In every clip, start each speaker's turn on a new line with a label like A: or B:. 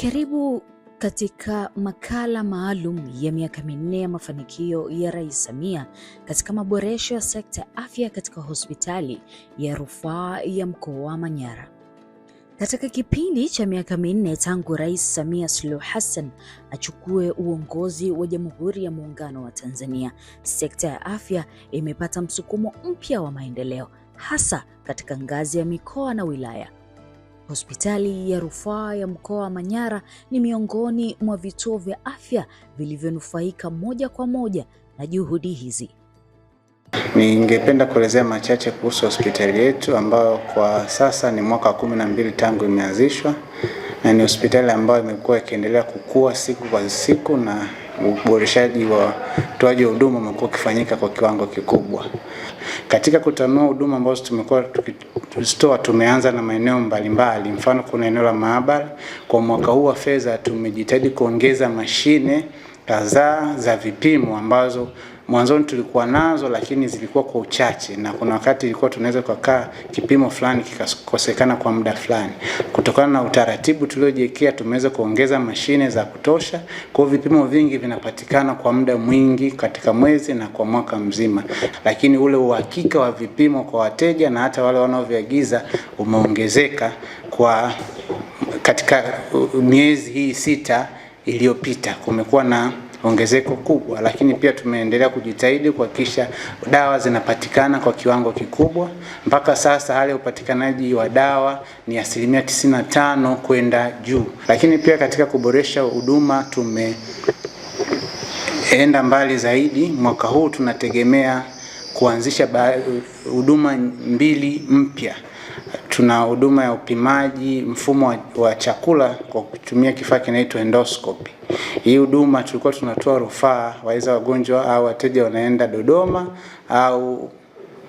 A: Karibu katika makala maalum ya miaka minne ya mafanikio ya Rais Samia katika maboresho ya sekta ya afya katika hospitali ya rufaa ya mkoa wa Manyara. Katika kipindi cha miaka minne tangu Rais Samia Suluhu Hassan achukue uongozi wa Jamhuri ya Muungano wa Tanzania, sekta ya afya imepata msukumo mpya wa maendeleo hasa katika ngazi ya mikoa na wilaya. Hospitali ya Rufaa ya Mkoa wa Manyara ni miongoni mwa vituo vya afya vilivyonufaika moja kwa moja na juhudi hizi. Ningependa kuelezea machache kuhusu hospitali yetu ambayo kwa sasa ni mwaka wa kumi na mbili tangu imeanzishwa na ni hospitali ambayo imekuwa ikiendelea kukua siku kwa siku na uboreshaji wa utoaji wa huduma umekuwa ukifanyika kwa kiwango kikubwa. Katika kutanua huduma ambazo tumekuwa tukizitoa, tumeanza na maeneo mbalimbali, mfano kuna eneo la maabara. Kwa mwaka huu wa fedha tumejitahidi kuongeza mashine kadhaa za vipimo ambazo mwanzoni tulikuwa nazo, lakini zilikuwa kwa uchache, na kuna wakati ilikuwa tunaweza kukaa kipimo fulani kikakosekana kwa muda fulani. Kutokana na utaratibu tuliojiwekea, tumeweza kuongeza mashine za kutosha, kwa hiyo vipimo vingi vinapatikana kwa muda mwingi katika mwezi na kwa mwaka mzima, lakini ule uhakika wa vipimo kwa wateja na hata wale wanaoviagiza umeongezeka kwa katika miezi hii sita iliyopita kumekuwa na ongezeko kubwa, lakini pia tumeendelea kujitahidi kuhakikisha dawa zinapatikana kwa kiwango kikubwa. Mpaka sasa hali ya upatikanaji wa dawa ni asilimia 95 kwenda juu, lakini pia katika kuboresha huduma tumeenda mbali zaidi. Mwaka huu tunategemea kuanzisha huduma mbili mpya. Tuna huduma ya upimaji mfumo wa, wa chakula kwa kutumia kifaa kinaitwa endoscopy. Hii huduma tulikuwa tunatoa rufaa, waweza wagonjwa au wateja wanaenda Dodoma au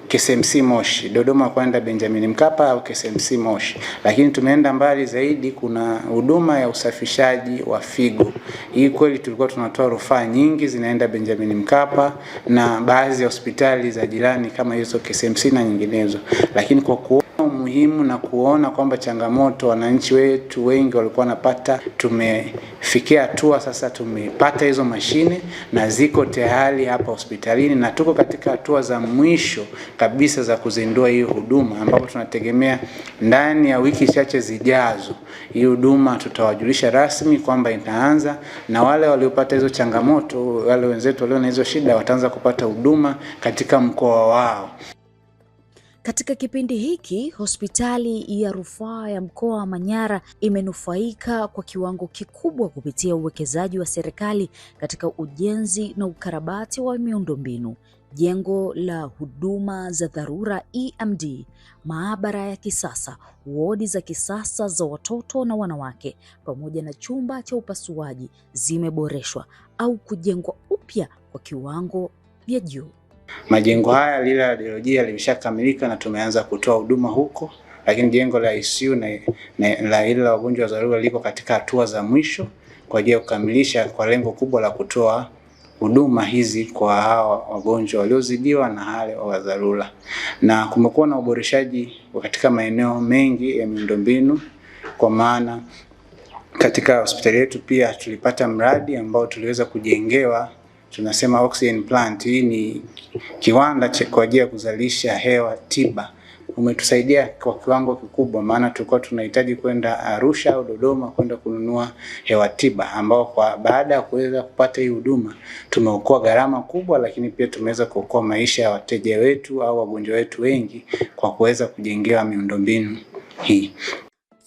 A: KCMC Moshi, Dodoma kwenda Benjamin Mkapa au KCMC Moshi, lakini tumeenda mbali zaidi. Kuna huduma ya usafishaji wa figo. Hii kweli tulikuwa tunatoa rufaa nyingi zinaenda Benjamin Mkapa na baadhi ya hospitali za jirani kama hizo KCMC na nyinginezo, lakini kwa kuwa muhimu na kuona kwamba changamoto wananchi wetu wengi walikuwa wanapata, tumefikia hatua sasa tumepata hizo mashine na ziko tayari hapa hospitalini na tuko katika hatua za mwisho kabisa za kuzindua hii huduma, ambapo tunategemea ndani ya wiki chache zijazo hii huduma tutawajulisha rasmi kwamba itaanza, na wale waliopata hizo changamoto, wale wenzetu walio na hizo shida wataanza kupata huduma katika mkoa wao.
B: Katika kipindi hiki hospitali ya rufaa ya mkoa wa Manyara imenufaika kwa kiwango kikubwa kupitia uwekezaji wa serikali katika ujenzi na ukarabati wa miundombinu, jengo la huduma za dharura EMD, maabara ya kisasa, wodi za kisasa za watoto na wanawake, pamoja na chumba cha upasuaji zimeboreshwa au kujengwa upya kwa kiwango vya juu.
A: Majengo haya lile la radiolojia limeshakamilika na tumeanza kutoa huduma huko, lakini jengo la ICU na, na, la ile la wagonjwa wa dharura liko katika hatua za mwisho kwa ajili ya kukamilisha kwa lengo kubwa la kutoa huduma hizi kwa hawa wagonjwa waliozidiwa na hali wa dharura. Na kumekuwa na uboreshaji katika maeneo mengi ya miundombinu, kwa maana katika hospitali yetu pia tulipata mradi ambao tuliweza kujengewa tunasema oxygen plant. Hii ni kiwanda kwa ajili ya kuzalisha hewa tiba, umetusaidia kwa kiwango kikubwa, maana tulikuwa tunahitaji kwenda Arusha au Dodoma kwenda kununua hewa tiba, ambao kwa baada ya kuweza kupata hii huduma tumeokoa gharama kubwa, lakini pia tumeweza kuokoa maisha ya wateja wetu au wagonjwa wetu wengi kwa kuweza kujengewa miundombinu hii.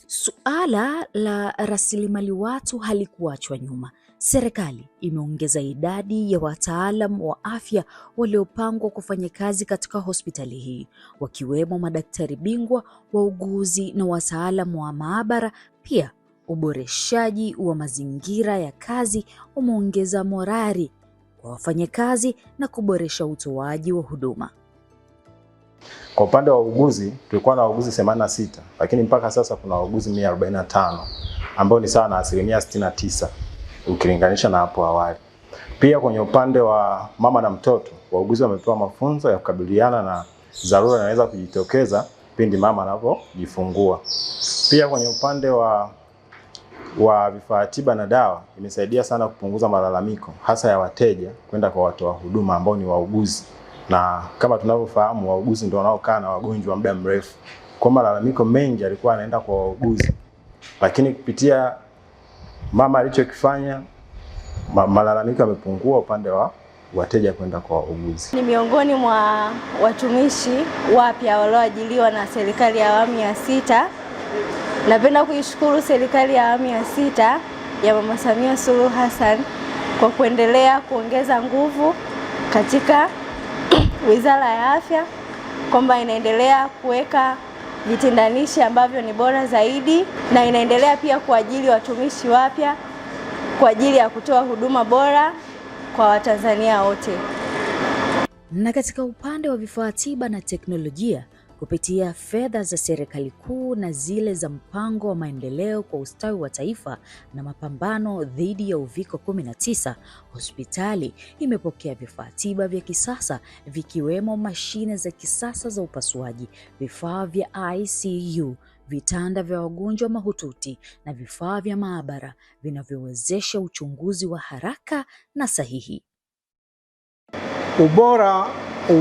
B: Suala la rasilimali watu halikuachwa nyuma Serikali imeongeza idadi ya wataalam wa afya waliopangwa kufanya kazi katika hospitali hii, wakiwemo madaktari bingwa, wauguzi na wataalam wa maabara. Pia uboreshaji wa mazingira ya kazi umeongeza morari kwa wafanyakazi na kuboresha utoaji wa huduma.
C: Kwa upande wa wauguzi tulikuwa na wauguzi 86 lakini mpaka sasa kuna wauguzi 145 ambao ni sawa na asilimia 69 ukilinganisha na hapo awali. Pia kwenye upande wa mama na mtoto, wauguzi wamepewa mafunzo ya kukabiliana na dharura inaweza kujitokeza pindi mama anapojifungua. Pia kwenye upande wa wa vifaa tiba na dawa imesaidia sana kupunguza malalamiko hasa ya wateja kwenda kwa watoa wa huduma ambao ni wauguzi, na kama tunavyofahamu wauguzi ndio wanaokaa na wagonjwa muda mrefu, kwa malalamiko mengi yalikuwa yanaenda kwa wauguzi, lakini kupitia mama alichokifanya, malalamiko yamepungua upande wa wateja kwenda kwa wauguzi.
D: Ni miongoni mwa watumishi wapya walioajiliwa na serikali ya awamu ya sita. Napenda kuishukuru serikali ya awamu ya sita ya Mama Samia Suluhu Hassan kwa kuendelea kuongeza nguvu katika Wizara ya Afya kwamba inaendelea kuweka vitendanishi ambavyo ni bora zaidi, na inaendelea pia kuajili watumishi wapya kwa ajili ya kutoa huduma bora kwa Watanzania wote.
B: Na katika upande wa vifaa tiba na teknolojia kupitia fedha za serikali kuu na zile za mpango wa maendeleo kwa ustawi wa taifa na mapambano dhidi ya uviko 19, hospitali imepokea vifaa tiba vya kisasa vikiwemo mashine za kisasa za upasuaji, vifaa vya ICU, vitanda vya wagonjwa mahututi na vifaa vya maabara vinavyowezesha uchunguzi wa haraka na sahihi.
E: Ubora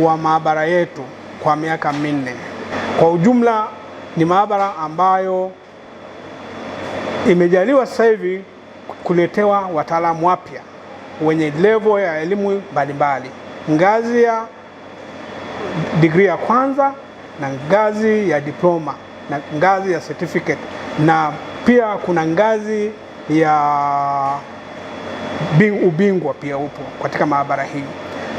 E: wa maabara yetu kwa miaka minne. Kwa ujumla ni maabara ambayo imejaliwa sasa hivi kuletewa wataalamu wapya wenye level ya elimu mbalimbali, ngazi ya digrii ya kwanza na ngazi ya diploma na ngazi ya certificate, na pia kuna ngazi ya ubingwa pia upo katika maabara hii,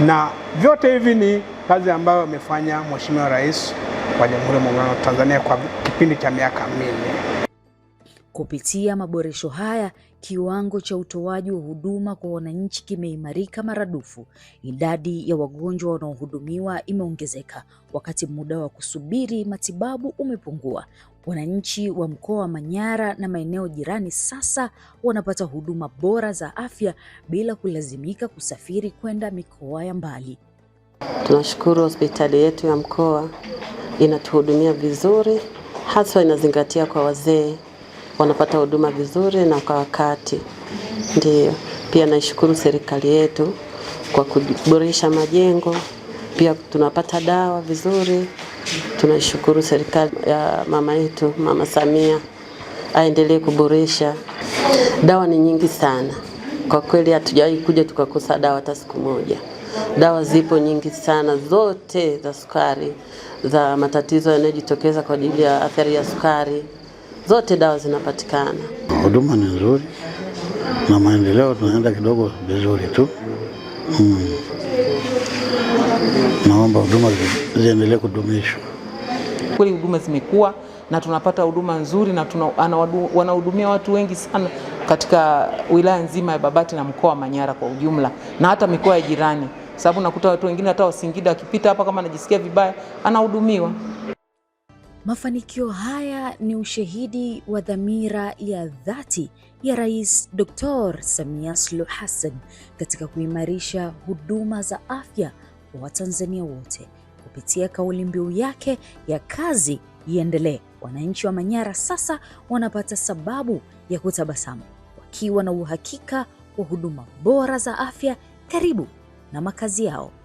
E: na vyote hivi ni kazi ambayo amefanya Mheshimiwa Rais wa Jamhuri ya Muungano wa Tanzania kwa kipindi cha miaka minne.
B: Kupitia maboresho haya, kiwango cha utoaji wa huduma kwa wananchi kimeimarika maradufu. Idadi ya wagonjwa wanaohudumiwa imeongezeka, wakati muda wa kusubiri matibabu umepungua. Wananchi wa mkoa wa Manyara na maeneo jirani sasa wanapata huduma bora za afya bila kulazimika kusafiri kwenda mikoa ya mbali.
F: Tunashukuru hospitali yetu ya mkoa inatuhudumia vizuri, haswa inazingatia kwa wazee, wanapata huduma vizuri na kwa wakati. Ndiyo, pia naishukuru serikali yetu kwa kuboresha majengo, pia tunapata dawa vizuri. Tunaishukuru serikali ya mama yetu, Mama Samia, aendelee kuboresha. Dawa ni nyingi sana kwa kweli, hatujawahi kuja tukakosa dawa hata siku moja. Dawa zipo nyingi sana, zote za sukari, za matatizo yanayojitokeza kwa ajili ya athari ya sukari, zote dawa zinapatikana.
G: Huduma ni nzuri na maendeleo tunaenda kidogo vizuri tu hmm. Naomba huduma ziendelee kudumishwa.
H: Kweli huduma zimekuwa na tunapata huduma nzuri na wanahudumia watu wengi sana katika wilaya nzima ya Babati na mkoa wa Manyara kwa ujumla na hata mikoa ya jirani sababu nakuta watu wengine hata Wasingida akipita hapa kama anajisikia vibaya anahudumiwa.
B: Mafanikio haya ni ushahidi wa dhamira ya dhati ya Rais Dr. Samia Suluhu Hassan katika kuimarisha huduma za afya kwa Watanzania wote kupitia kauli mbiu yake ya kazi iendelee. Wananchi wa Manyara sasa wanapata sababu ya kutabasamu wakiwa na uhakika wa huduma bora za afya karibu na makazi yao.